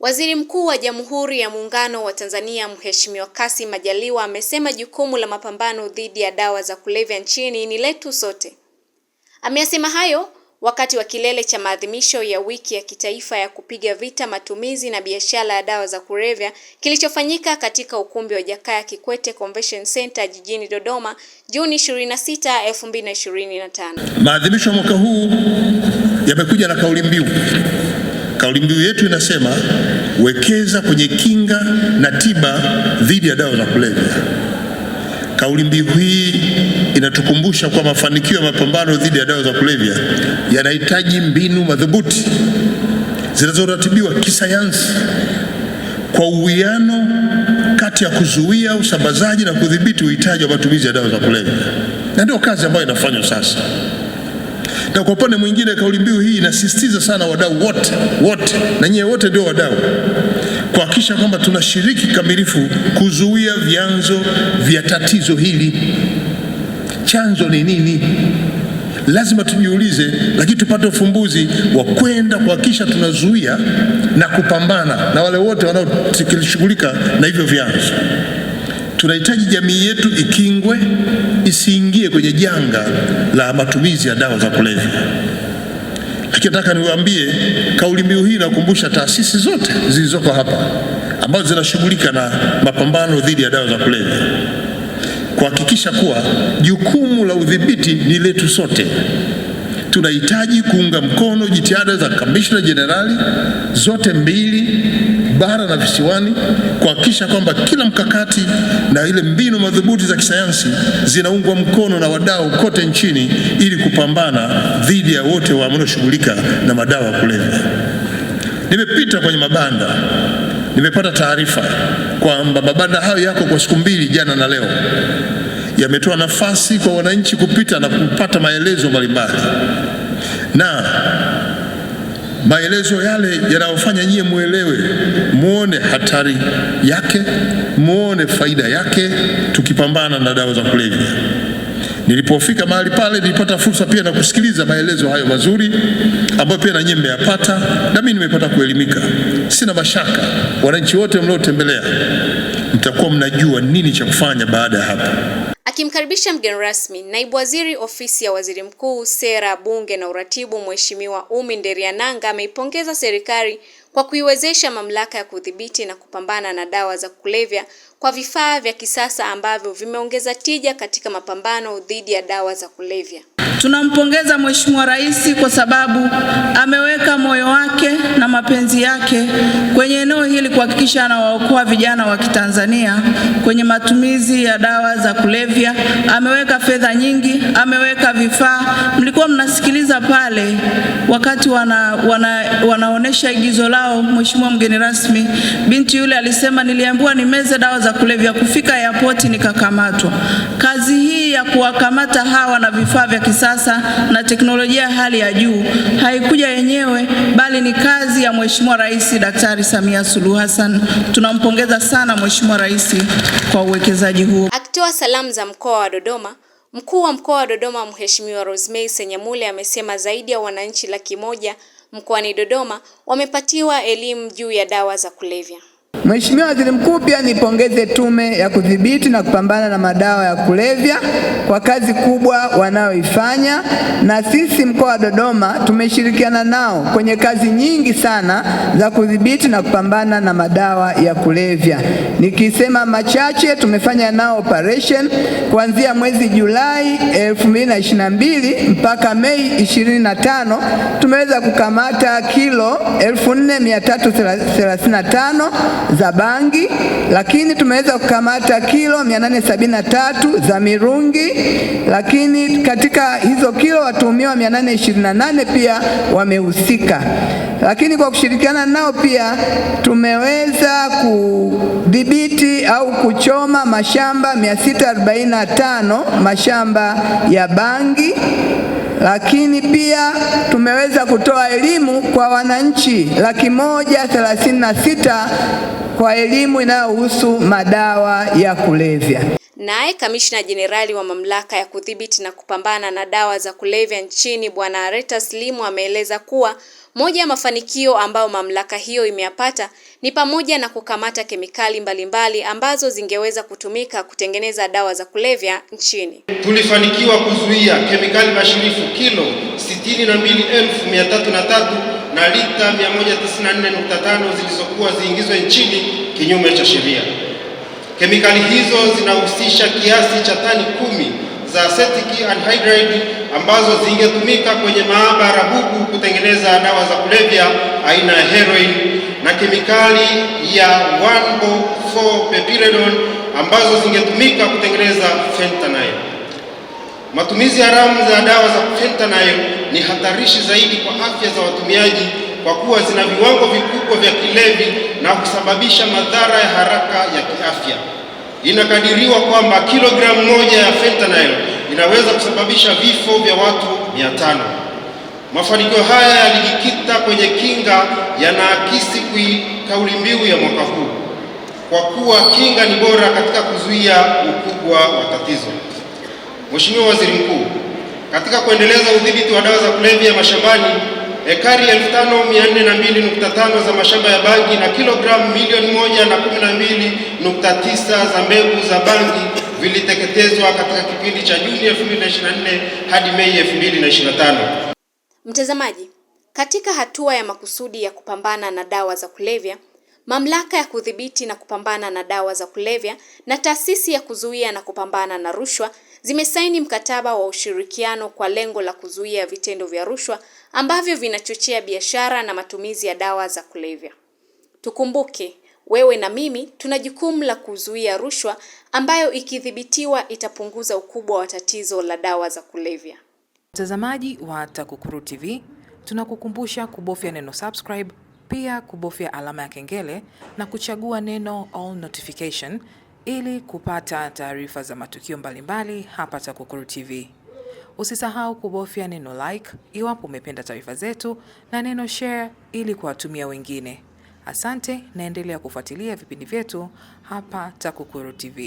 Waziri Mkuu wa Jamhuri ya Muungano wa Tanzania Mheshimiwa Kassim Majaliwa amesema jukumu la mapambano dhidi ya dawa za kulevya nchini ni letu sote. Ameyasema hayo wakati wa kilele cha maadhimisho ya Wiki ya Kitaifa ya Kupiga Vita Matumizi na Biashara ya Dawa za Kulevya kilichofanyika katika ukumbi wa Jakaya Kikwete Convention Center jijini Dodoma Juni 26, 2025. Maadhimisho ya mwaka huu yamekuja na kauli mbiu. Kauli mbiu yetu inasema wekeza kwenye kinga na tiba dhidi ya dawa za kulevya. Kauli mbiu hii inatukumbusha kwa mafanikio ya mapambano dhidi ya dawa za kulevya yanahitaji mbinu madhubuti zinazoratibiwa kisayansi kwa uwiano kati ya kuzuia usambazaji na kudhibiti uhitaji wa matumizi ya dawa za kulevya, na ndio kazi ambayo inafanywa sasa. Na kwa upande mwingine, kauli mbiu hii inasisitiza sana wadau wote wote, na nyewe wote ndio wadau, kuhakikisha kwamba tunashiriki kikamilifu kuzuia vyanzo vya tatizo hili. Chanzo ni nini? Lazima tujiulize, lakini tupate ufumbuzi wa kwenda kuhakikisha tunazuia na kupambana na wale wote wanaoshughulika na hivyo vyanzo. Tunahitaji jamii yetu ikingwe isiingie kwenye janga la matumizi ya dawa za kulevya. Lakini nataka niwaambie, kauli mbiu hii inakumbusha taasisi zote zilizoko hapa ambazo zinashughulika na mapambano dhidi ya dawa za kulevya kuhakikisha kuwa jukumu la udhibiti ni letu sote. Tunahitaji kuunga mkono jitihada za kamishna jenerali zote mbili bara na visiwani kuhakikisha kwamba kila mkakati na ile mbinu madhubuti za kisayansi zinaungwa mkono na wadau kote nchini ili kupambana dhidi ya wote wanaoshughulika na madawa kulevya. Nimepita kwenye mabanda, nimepata taarifa kwamba mabanda hayo yako kwa siku mbili, jana na leo yametoa nafasi kwa wananchi kupita na kupata maelezo mbalimbali na maelezo yale yanayofanya nyie mwelewe, muone hatari yake, muone faida yake tukipambana na dawa za kulevya. Nilipofika mahali pale, nilipata fursa pia na kusikiliza maelezo hayo mazuri ambayo pia na nyie mmeyapata, na mimi nimepata kuelimika. Sina mashaka wananchi wote mliotembelea mtakuwa mnajua nini cha kufanya baada ya hapo. Akimkaribisha mgeni rasmi, naibu waziri ofisi ya waziri mkuu, sera, bunge na uratibu, Mheshimiwa Ummy Nderiananga ameipongeza serikali kwa kuiwezesha mamlaka ya kudhibiti na kupambana na dawa za kulevya kwa vifaa vya kisasa ambavyo vimeongeza tija katika mapambano dhidi ya dawa za kulevya. Tunampongeza Mheshimiwa Rais kwa sababu ameweka moyo wake na mapenzi yake kwenye eneo hili kuhakikisha anawaokoa vijana wa Kitanzania kwenye matumizi ya dawa za kulevya. Ameweka fedha nyingi, ameweka vifaa. Mlikuwa mnasikiliza pale wakati wana, wana, wanaonesha igizo lao. Mheshimiwa mgeni rasmi, binti yule alisema niliambiwa nimeze dawa za kulevya, kufika airport nikakamatwa. Kazi hii ya kuwakamata hawa na vifaa vya kisa kisasa na teknolojia hali ya juu haikuja yenyewe, bali ni kazi ya Mheshimiwa Rais Daktari Samia Suluhu Hassan. Tunampongeza sana Mheshimiwa Rais kwa uwekezaji huo. Akitoa salamu za mkoa wa Dodoma, Mkuu wa Mkoa wa Dodoma Mheshimiwa Rosemary Senyamule amesema zaidi ya wananchi laki moja mkoani Dodoma wamepatiwa elimu juu ya dawa za kulevya. Mheshimiwa Waziri Mkuu, pia nipongeze Tume ya Kudhibiti na Kupambana na Madawa ya Kulevya kwa kazi kubwa wanayoifanya, na sisi mkoa wa Dodoma tumeshirikiana nao kwenye kazi nyingi sana za kudhibiti na kupambana na madawa ya kulevya. Nikisema machache, tumefanya nao operation kuanzia mwezi Julai 2022 mpaka Mei 25 tumeweza kukamata kilo 4335 za bangi, lakini tumeweza kukamata kilo 873 za mirungi, lakini katika hizo kilo watuhumiwa 828 pia wamehusika, lakini kwa kushirikiana nao pia tumeweza kudhibiti au kuchoma mashamba 645 mashamba ya bangi lakini pia tumeweza kutoa elimu kwa wananchi laki moja thelathini na sita kwa elimu inayohusu madawa ya kulevya. Naye kamishna jenerali wa mamlaka ya kudhibiti na kupambana na dawa za kulevya nchini Bwana Aretas Limu ameeleza kuwa moja ya mafanikio ambayo mamlaka hiyo imeyapata ni pamoja na kukamata kemikali mbalimbali ambazo zingeweza kutumika kutengeneza dawa za kulevya nchini. Tulifanikiwa kuzuia kemikali mashirifu kilo 62,303 na lita 194.5 zilizokuwa ziingizwe nchini kinyume cha sheria. Kemikali hizo zinahusisha kiasi cha tani kumi za acetic anhydride ambazo zingetumika kwenye maabara huku kutengeneza dawa za kulevya aina ya heroin na kemikali ya 14 pepiridone ambazo zingetumika kutengeneza fentanyl. Matumizi haramu za dawa za fentanyl ni hatarishi zaidi kwa afya za watumiaji kwa kuwa zina viwango vikubwa vya kilevi na kusababisha madhara ya haraka ya kiafya. Inakadiriwa kwamba kilogramu moja ya fentanyl inaweza kusababisha vifo vya watu 500. Mafanikio haya yalijikita kwenye kinga, yanaakisi kauli mbiu ya mwaka huu, kwa kuwa kinga ni bora katika kuzuia ukubwa wa tatizo. Mheshimiwa Waziri Mkuu, katika kuendeleza udhibiti wa dawa za kulevya mashambani ekari 5402.5 za mashamba ya bangi na kilogramu milioni moja na tisa za mbegu za bangi viliteketezwa katika kipindi cha Juni 2024 hadi Mei 2025. Mtazamaji, katika hatua ya makusudi ya kupambana na dawa za kulevya, Mamlaka ya kudhibiti na kupambana na dawa za kulevya na taasisi ya kuzuia na kupambana na rushwa zimesaini mkataba wa ushirikiano kwa lengo la kuzuia vitendo vya rushwa ambavyo vinachochea biashara na matumizi ya dawa za kulevya. Tukumbuke, wewe na mimi tuna jukumu la kuzuia rushwa ambayo ikidhibitiwa itapunguza ukubwa wa tatizo la dawa za kulevya. Mtazamaji wa TAKUKURU TV, tunakukumbusha kubofya neno subscribe, pia kubofya alama ya kengele na kuchagua neno all notification ili kupata taarifa za matukio mbalimbali hapa TAKUKURU TV. Usisahau kubofya neno like iwapo umependa taarifa zetu na neno share ili kuwatumia wengine. Asante, naendelea kufuatilia vipindi vyetu hapa TAKUKURU TV.